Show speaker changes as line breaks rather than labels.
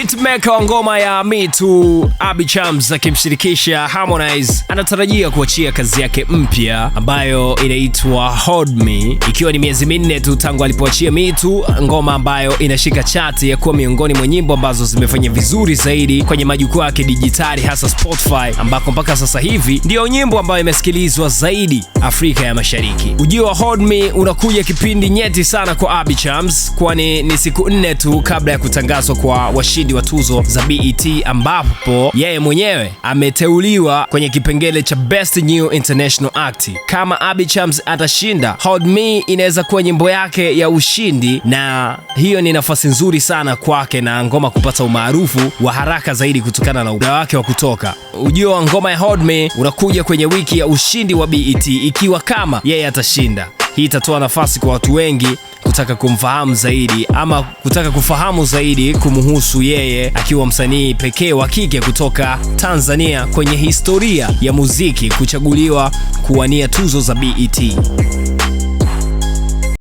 Hitmaker wa ngoma ya mitu abi Chams akimshirikisha Harmonize anatarajia kuachia kazi yake mpya ambayo inaitwa Hold Me, ikiwa ni miezi minne tu tangu alipoachia mitu ngoma ambayo inashika chati ya kuwa miongoni mwa nyimbo ambazo zimefanya vizuri zaidi kwenye majukwaa ya kidijitali hasa Spotify, ambako mpaka sasa hivi ndiyo nyimbo ambayo imesikilizwa zaidi Afrika ya Mashariki. Ujio wa Hold Me unakuja kipindi nyeti sana kwa abi Chams, kwani ni siku nne tu kabla ya kutangazwa kwa washindi mshindi wa tuzo za BET, ambapo yeye mwenyewe ameteuliwa kwenye kipengele cha Best New International Act. Kama Abby Chams atashinda, Hold Me inaweza kuwa nyimbo yake ya ushindi, na hiyo ni nafasi nzuri sana kwake na ngoma kupata umaarufu wa haraka zaidi kutokana na ubora wake wa kutoka. Ujio wa ngoma ya Hold Me unakuja kwenye wiki ya ushindi wa BET, ikiwa kama yeye atashinda, hii itatoa nafasi kwa watu wengi kutaka kumfahamu zaidi ama kutaka kufahamu zaidi kumhusu yeye akiwa msanii pekee wa kike kutoka Tanzania kwenye historia ya muziki kuchaguliwa kuwania tuzo za BET.